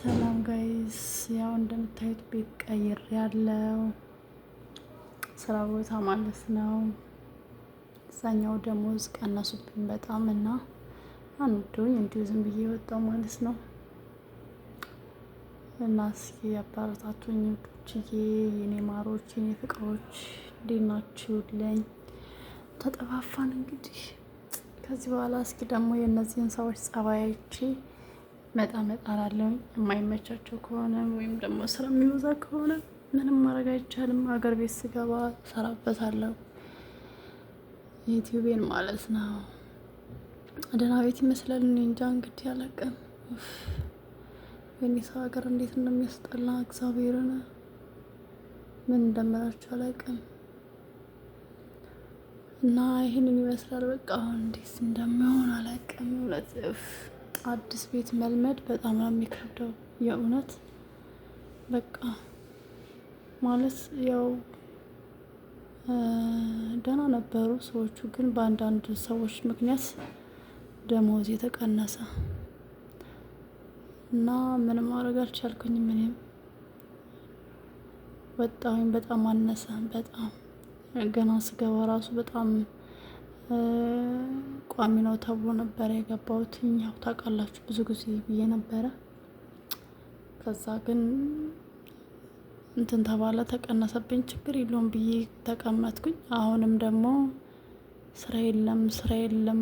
ሰላም ጋይስ፣ ያው እንደምታዩት ቤት ቀይር ያለው ስራ ቦታ ማለት ነው። እዛኛው ደሞዝ ቀነሱብኝ በጣም እና አንዱኝ እንዲሁ ዝም ብዬ ወጣው ማለት ነው። እና እስኪ አባረታቱኝ ችዬ የኔ ማሮች የኔ ፍቅሮች እንዴት ናችሁልኝ? ተጠፋፋን እንግዲህ ከዚህ በኋላ እስኪ ደግሞ የእነዚህን ሰዎች ጸባያች መጣ መጣ አላለሁ። የማይመቻቸው ከሆነ ወይም ደግሞ ስራ የሚበዛ ከሆነ ምንም ማድረግ አይቻልም። ሀገር ቤት ስገባ ሰራበታለሁ፣ ዩቲዩቤን ማለት ነው። ደህና ቤት ይመስላል። እኔ እንጃ እንግዲህ አላውቅም። የኔ ሰው ሀገር እንዴት እንደሚያስጠላ እግዚአብሔርን ምን እንደምላችሁ አላውቅም። እና ይህንን ይመስላል። በቃ አሁን እንዴት እንደሚሆን አላውቅም እውነት አዲስ ቤት መልመድ በጣም ነው የሚከብደው። የእውነት በቃ ማለት ያው ደህና ነበሩ ሰዎቹ፣ ግን በአንዳንድ ሰዎች ምክንያት ደሞዝ የተቀነሰ እና ምንም ማድረግ አልቻልኩኝ። ምንም ወጣሁኝ። በጣም አነሰ። በጣም ገና ስገባ ራሱ በጣም ቋሚ ነው ተብሎ ነበረ የገባሁት። ያው ታውቃላችሁ ብዙ ጊዜ ብዬ ነበረ። ከዛ ግን እንትን ተባለ ተቀነሰብኝ። ችግር የለውም ብዬ ተቀመጥኩኝ። አሁንም ደግሞ ስራ የለም ስራ የለም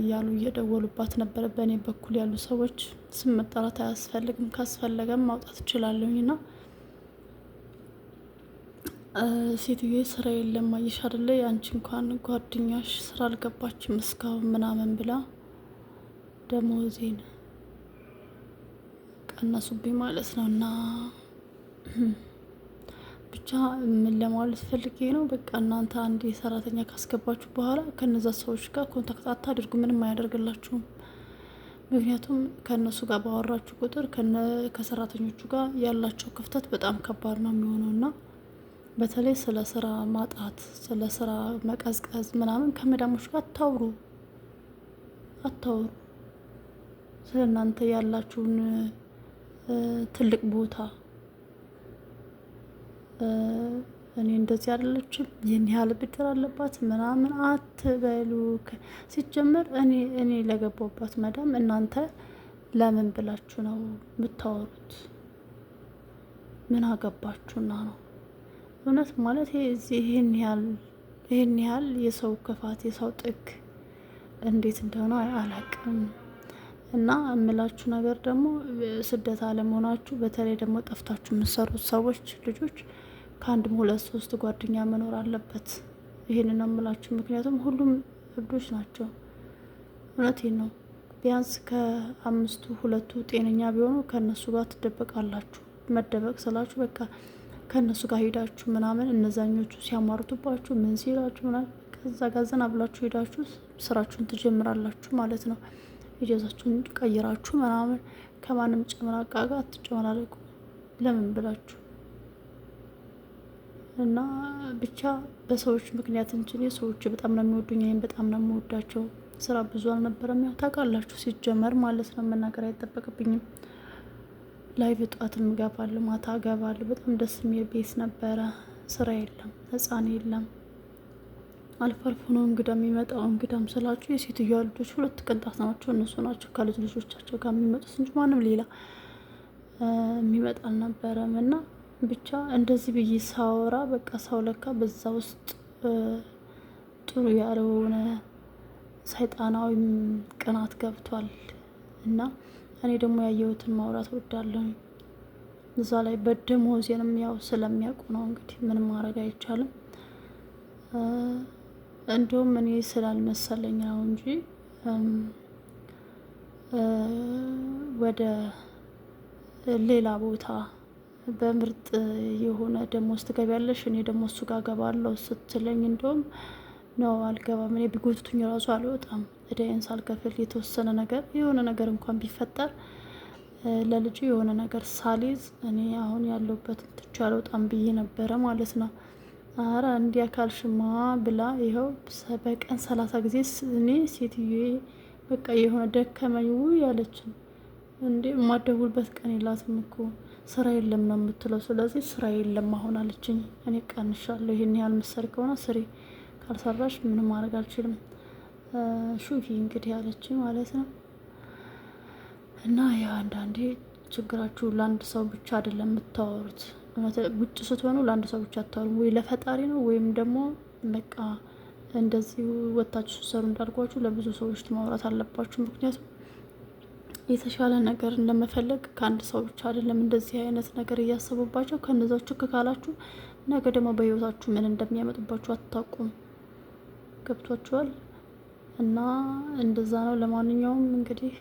እያሉ እየደወሉባት ነበረ። በእኔ በኩል ያሉ ሰዎች ስም መጠራት አያስፈልግም፣ ካስፈለገም ማውጣት እችላለሁኝ ና ሴትዮ ስራ የለም አየሽ አይደለ? የአንቺ እንኳን ጓደኛሽ ስራ አልገባችም እስካሁን ምናምን ብላ ደሞዜን ቀነሱብኝ ማለት ነው። እና ብቻ ምን ለማለት ፈልጌ ነው፣ በቃ እናንተ አንድ የሰራተኛ ካስገባችሁ በኋላ ከነዛ ሰዎች ጋር ኮንታክት አታድርጉ። ምንም አያደርግላችሁም። ምክንያቱም ከእነሱ ጋር ባወራችሁ ቁጥር ከሰራተኞቹ ጋር ያላቸው ክፍተት በጣም ከባድ ነው የሚሆነው እና በተለይ ስለ ስራ ማጣት፣ ስለ ስራ መቀዝቀዝ ምናምን ከመዳሞች ጋር አታውሩ አታውሩ። ስለ እናንተ ያላችሁን ትልቅ ቦታ እኔ እንደዚህ አይደለችም፣ ይህን ያህል ብድር አለባት ምናምን አትበሉ። ሲጀመር እኔ እኔ ለገባሁባት መዳም እናንተ ለምን ብላችሁ ነው የምታወሩት? ምን አገባችሁና ነው እውነት ማለት ይህን ያህል የሰው ክፋት የሰው ጥግ እንዴት እንደሆነ አላቅም። እና የምላችሁ ነገር ደግሞ ስደት አለመሆናችሁ በተለይ ደግሞ ጠፍታችሁ የምትሰሩት ሰዎች ልጆች ከአንድም ሁለት ሶስት ጓደኛ መኖር አለበት። ነው የምላችሁ። ምክንያቱም ሁሉም እብዶች ናቸው። እውነቴ ነው። ቢያንስ ከአምስቱ ሁለቱ ጤነኛ ቢሆኑ ከእነሱ ጋር ትደበቃላችሁ። መደበቅ ስላችሁ በቃ ከእነሱ ጋር ሄዳችሁ ምናምን እነዛኞቹ ሲያማርቱባችሁ ምን ሲላችሁ ምናምን ከዛ ጋር ዘና ብላችሁ ሄዳችሁ ስራችሁን ትጀምራላችሁ ማለት ነው። እጀዛችሁን ቀይራችሁ ምናምን ከማንም ጨምራቃ ጋር አትጨመላለቁ ለምን ብላችሁ እና ብቻ በሰዎች ምክንያት እንችል ሰዎች በጣም ነው የሚወዱኝ፣ እኔም በጣም ነው የሚወዳቸው። ስራ ብዙ አልነበረም፣ ያው ታውቃላችሁ፣ ሲጀመር ማለት ነው። መናገር አይጠበቅብኝም። ላይ ጠዋትም እገባለሁ፣ ማታ እገባለሁ። በጣም ደስ የሚል ቤት ነበረ። ስራ የለም፣ ህፃን የለም። አልፎ አልፎ ነው እንግዳ የሚመጣው። እንግዳም ስላችሁ የሴትዮዋ ልጆች ሁለት ቅንጣት ናቸው። እነሱ ናቸው ከልጅ ልጆቻቸው ጋር የሚመጡት እንጂ ማንም ሌላ የሚመጣ አልነበረም። እና ብቻ እንደዚህ ብዬ ሳወራ በቃ ሰው ለካ በዛ ውስጥ ጥሩ ያልሆነ ሰይጣናዊ ቅናት ገብቷል። እና እኔ ደግሞ ያየሁትን ማውራት ወዳለሁ። እዛ ላይ በደሞዜንም ያው ስለሚያውቁ ነው እንግዲህ ምንም ማድረግ አይቻልም። እንዲሁም እኔ ስላልመሰለኝ ነው እንጂ ወደ ሌላ ቦታ በምርጥ የሆነ ደሞዝ ትገቢያለሽ፣ እኔ ደግሞ እሱ ጋር ገባለሁ ስትለኝ፣ እንደውም ነው አልገባም። እኔ ቢጎትቱኝ ራሱ አልወጣም እዳዬን ሳልከፍል የተወሰነ ነገር የሆነ ነገር እንኳን ቢፈጠር ለልጁ የሆነ ነገር ሳሊዝ እኔ አሁን ያለሁበት ትቻለ በጣም ብዬ ነበረ ማለት ነው። አረ እንዲያ ካልሽማ ብላ ይኸው በቀን ሰላሳ ጊዜ እኔ ሴትዮ በቃ የሆነ ደከመኝ ውይ ያለችን እንዴ የማደውልበት ቀን የላትም እኮ ስራ የለም ነው የምትለው። ስለዚህ ስራ የለም አሁን አለችኝ። እኔ ቀንሻለሁ፣ ይህን ያህል ምሰሪ ከሆነ ስሪ፣ ካልሰራሽ ምንም ማድረግ አልችልም ሹፊ እንግዲህ ያለች ማለት ነው። እና ያው አንዳንዴ ችግራችሁ ለአንድ ሰው ብቻ አይደለም የምታወሩት። ውጭ ስትሆኑ ለአንድ ሰው ብቻ አታወሩም። ወይ ለፈጣሪ ነው ወይም ደግሞ በቃ እንደዚህ ወታችሁ ስትሰሩ እንዳልኳችሁ ለብዙ ሰዎች ማውራት አለባችሁ። ምክንያቱም የተሻለ ነገር እንደመፈለግ ከአንድ ሰው ብቻ አይደለም እንደዚህ አይነት ነገር እያሰቡባቸው ከነዛው ችክ ካላችሁ ነገ ደግሞ በህይወታችሁ ምን እንደሚያመጡባችሁ አታውቁም። ገብቷችኋል? እና እንደዛ ነው። ለማንኛውም እንግዲህ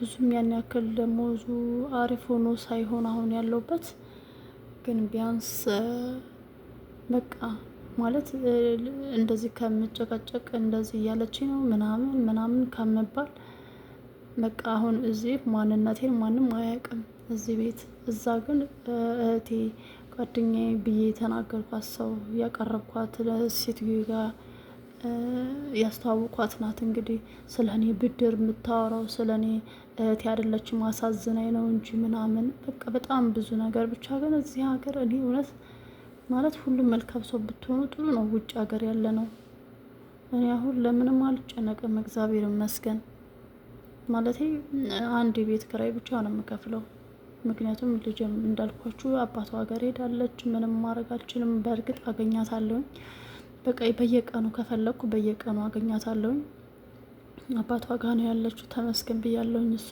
ብዙም ያን ያክል ደሞዙ አሪፍ ሆኖ ሳይሆን አሁን ያለውበት ግን ቢያንስ በቃ ማለት እንደዚህ ከምጨቀጨቅ እንደዚህ እያለች ነው ምናምን ምናምን ከምባል በቃ አሁን እዚህ ማንነቴን ማንም አያውቅም እዚህ ቤት። እዛ ግን እህቴ ጓደኛዬ ብዬ የተናገርኳት ሰው ያቀረብኳት ሴትዮ ጋር ያስተዋወኳት ናት። እንግዲህ ስለ እኔ ብድር የምታወራው ስለ እኔ እህት ያደለች አሳዝናኝ ነው እንጂ ምናምን በቃ በጣም ብዙ ነገር ብቻ። ግን እዚህ ሀገር እኔ እውነት ማለት ሁሉም መልካም ሰው ብትሆኑ ጥሩ ነው። ውጭ ሀገር ያለ ነው። እኔ አሁን ለምንም አልጨነቅም፣ እግዚአብሔር ይመስገን። ማለት አንድ የቤት ክራይ ብቻ ነው የምከፍለው። ምክንያቱም ልጅም እንዳልኳችሁ አባቷ ሀገር ሄዳለች። ምንም ማድረግ አልችልም። በእርግጥ አገኛታለሁኝ በቃ በየቀኑ ከፈለግኩ በየቀኑ አገኛታለሁኝ። አባቷ ጋ ነው ያለችው። ተመስገን ብያለሁኝ። እሱ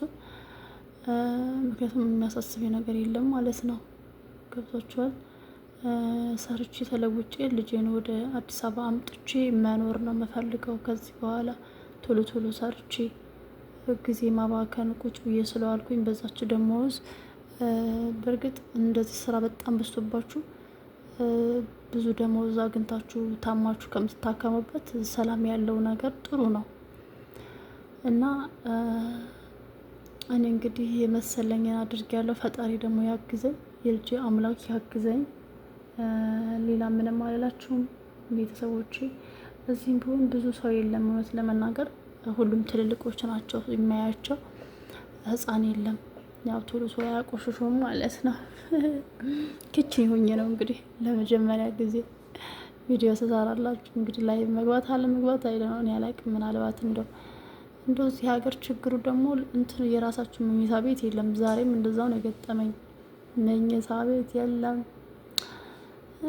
ምክንያቱም የሚያሳስበኝ ነገር የለም ማለት ነው። ገብቷችኋል። ሰርቼ ተለውጬ ልጄን ወደ አዲስ አበባ አምጥቼ መኖር ነው የምፈልገው። ከዚህ በኋላ ቶሎ ቶሎ ሰርቼ ጊዜ ማባከን ቁጭ ብዬ ስለዋልኩኝ በዛች ደሞዝ በእርግጥ እንደዚህ ስራ በጣም በዝቶባችሁ ብዙ ደሞዝ አግኝታችሁ ታማችሁ ከምትታከሙበት ሰላም ያለው ነገር ጥሩ ነው እና እኔ እንግዲህ የመሰለኝን አድርጊያለሁ። ፈጣሪ ደግሞ ያግዘኝ፣ የልጅ አምላክ ያግዘኝ። ሌላ ምንም አልላችሁም ቤተሰቦች። እዚህም ቢሆን ብዙ ሰው የለም እውነት ለመናገር ሁሉም ትልልቆች ናቸው የሚያያቸው፣ ህፃን የለም። ያው ቶሎ ቶሎ አቆሽሾም ማለት ነው። ክችን የሆኜ ነው እንግዲህ ለመጀመሪያ ጊዜ ቪዲዮ ተሰራላችሁ። እንግዲህ ላይ መግባት አለ መግባት አይደነውን ያላቅም። ምናልባት እንደው እንደው እዚህ ሀገር ችግሩ ደግሞ እንትን የራሳችሁ መኝታ ቤት የለም። ዛሬም እንደዛው ነው የገጠመኝ። መኝታ ቤት የለም።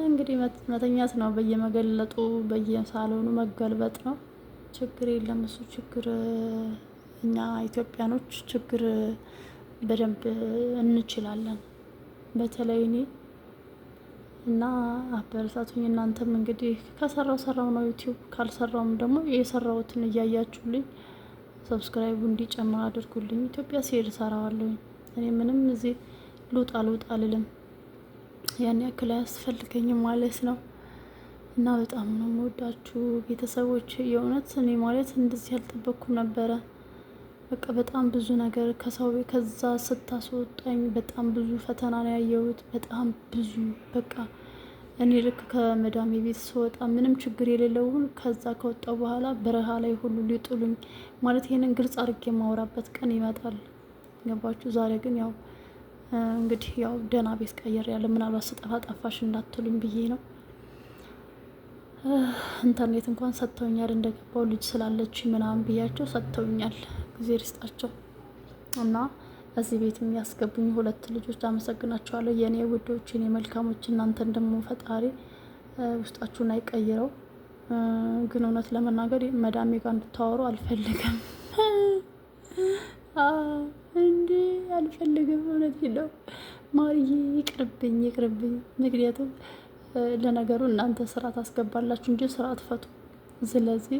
እንግዲህ መተኛት ነው በየመገለጡ በየሳሎኑ መገልበጥ ነው። ችግር የለም እሱ ችግር እኛ ኢትዮጵያኖች ችግር በደንብ እንችላለን። በተለይ እኔ እና አበረታቱኝ። እናንተም እንግዲህ ከሰራው ሰራው ነው ዩቲዩብ፣ ካልሰራውም ደግሞ የሰራውትን እያያችሁልኝ ሰብስክራይቡ እንዲጨምር አድርጉልኝ። ኢትዮጵያ ሲሄድ ሰራዋለሁኝ። እኔ ምንም እዚህ ልውጣ ልውጣ አልልም። ያን ያክል አያስፈልገኝም ማለት ነው። እና በጣም ነው የምወዳችሁ ቤተሰቦች። የእውነት እኔ ማለት እንደዚህ ያልጠበቅኩም ነበረ። በቃ በጣም ብዙ ነገር ከሰው ከዛ ስታስወጣኝ በጣም ብዙ ፈተና ነው ያየሁት። በጣም ብዙ በቃ እኔ ልክ ከመዳሜ ቤት ስወጣ ምንም ችግር የሌለውን ከዛ ከወጣው በኋላ በረሃ ላይ ሁሉ ሊጥሉኝ ማለት ይሄንን ግልጽ አድርጌ የማወራበት ቀን ይመጣል። ገባችሁ? ዛሬ ግን ያው እንግዲህ ያው ደህና ቤት ቀየር ያለ ምናልባት ስጠፋ ጠፋሽ እንዳትሉኝ ብዬ ነው። ኢንተርኔት እንኳን ሰጥተውኛል። እንደገባው ልጅ ስላለች ምናምን ብያቸው ሰጥተውኛል። እግዜር ይስጣቸው እና እዚህ ቤት የሚያስገቡኝ ሁለት ልጆች አመሰግናቸዋለሁ። የእኔ ውዶች፣ የኔ መልካሞች፣ እናንተን ደግሞ ፈጣሪ ውስጣችሁን አይቀይረው። ግን እውነት ለመናገር መዳሜ ጋር እንድታወሩ አልፈልግም እንዴ አልፈልግም። እውነት ነው ማርዬ፣ ይቅርብኝ ይቅርብኝ። ምክንያቱም ለነገሩ እናንተ ስርዓት አስገባላችሁ እንጂ ስራ ፈቱ። ስለዚህ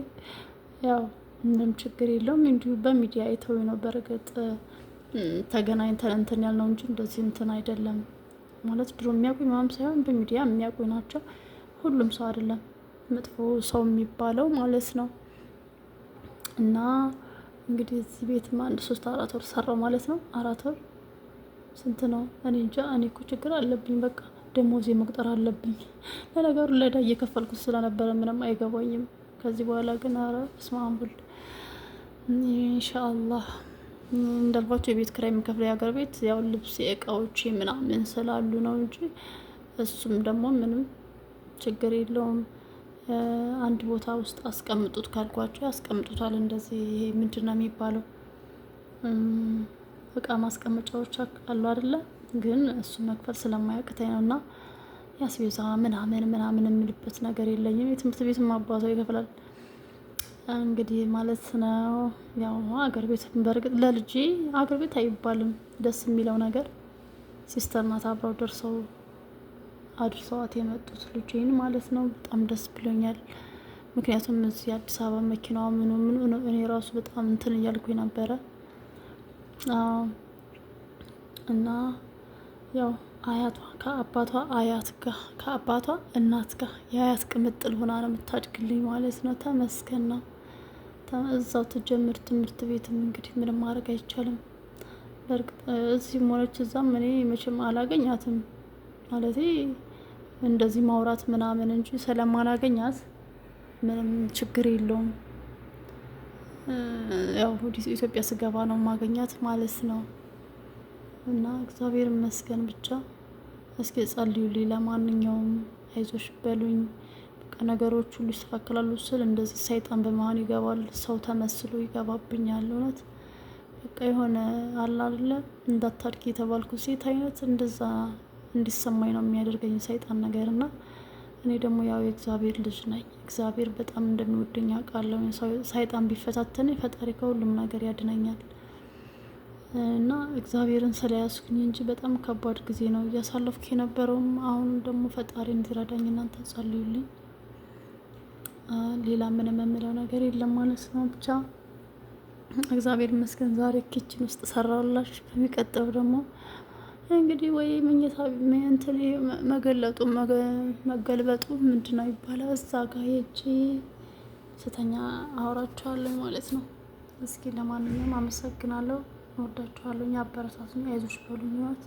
ያው ምንም ችግር የለውም። እንዲሁ በሚዲያ የተወ ነው። በእርግጥ ተገናኝተን እንትን ያልነው እንጂ እንደዚህ እንትን አይደለም ማለት ድሮ የሚያውቁኝ ምናምን ሳይሆን በሚዲያ የሚያውቁኝ ናቸው። ሁሉም ሰው አይደለም መጥፎ ሰው የሚባለው ማለት ነው። እና እንግዲህ እዚህ ቤትም አንድ ሶስት አራት ወር ሰራው ማለት ነው። አራት ወር ስንት ነው? እኔ እንጃ። እኔ እኮ ችግር አለብኝ በቃ ደሞዜ መቁጠር አለብኝ። ለነገሩ ለዳ እየከፈልኩት ስለነበረ ምንም አይገባኝም። ከዚህ በኋላ ግን አረ ስማምቡል ኢንሻአላህ እንዳልኳቸው የቤት ኪራይ የሚከፍለው የሀገር ቤት ያው ልብስ እቃዎች ምናምን ስላሉ ነው እንጂ እሱም ደግሞ ምንም ችግር የለውም። አንድ ቦታ ውስጥ አስቀምጡት ካልኳቸው ያስቀምጡታል። እንደዚህ ይሄ ምንድን ነው የሚባለው እቃ ማስቀመጫዎች አሉ አይደለ? ግን እሱ መክፈል ስለማያቅተኝ ነው እና ያስቤዛ ምናምን ምናምን የምልበት ነገር የለኝም። የትምህርት ቤት አባቷ ይከፍላል። እንግዲህ ማለት ነው ያው አገር ቤት በእርግጥ ለልጄ አገር ቤት አይባልም። ደስ የሚለው ነገር ሲስተር ናት አብረው ደርሰው አድርሰዋት የመጡት ልጄን ማለት ነው። በጣም ደስ ብሎኛል። ምክንያቱም እዚህ አዲስ አበባ መኪናዋ ምኑ ምኑ እኔ ራሱ በጣም እንትን እያልኩኝ ነበረ እና ያው አያቷ ከአባቷ አያት ጋር ከአባቷ እናት ጋር የአያት ቅምጥል ሆና ነው የምታድግልኝ ማለት ነው። ተመስገን ነው። እዛው ትጀምር ትምህርት ቤትም እንግዲህ ምንም ማድረግ አይቻልም። በእርግጥ እዚህም ሆነች እዛም እኔ መቼም አላገኛትም ማለት እንደዚህ ማውራት ምናምን እንጂ ስለማላገኛት ምንም ችግር የለውም። ያው ኢትዮጵያ ስገባ ነው ማገኛት ማለት ነው። እና እግዚአብሔር ይመስገን ብቻ። እስኪ ጸልዩልኝ፣ ለማንኛውም አይዞሽ በሉኝ። ነገሮች ሁሉ ይስተካከላሉ ስል እንደዚህ ሰይጣን በመሀል ይገባል። ሰው ተመስሎ ይገባብኛል። እውነት በቃ የሆነ አላለ እንዳታድጊ የተባልኩ ሴት አይነት እንደዛ እንዲሰማኝ ነው የሚያደርገኝ ሰይጣን ነገር እና እኔ ደግሞ ያው የእግዚአብሔር ልጅ ነኝ። እግዚአብሔር በጣም እንደሚወደኝ አውቃለሁ። ሰይጣን ቢፈታተነኝ ፈጣሪ ከሁሉም ነገር ያድነኛል እና እግዚአብሔርን ስለያዝኩኝ እንጂ በጣም ከባድ ጊዜ ነው እያሳለፍኩ የነበረውም። አሁን ደግሞ ፈጣሪ እንዲረዳኝ እናንተ ጸልዩልኝ። ሌላ ምንም የምለው ነገር የለም ማለት ነው። ብቻ እግዚአብሔር ይመስገን ዛሬ ኪችን ውስጥ ሰራላችሁ። በሚቀጥለው ደግሞ እንግዲህ ወይ መኝታ እንትን መገለጡ መገልበጡ ምንድነው ይባላል እዛ ጋር ሄጄ ስተኛ አውራችኋለሁ ማለት ነው። እስኪ ለማንኛውም አመሰግናለሁ። እወዳችኋለሁ። አበረታቱኝ፣ አይዞሽ በሉኝ።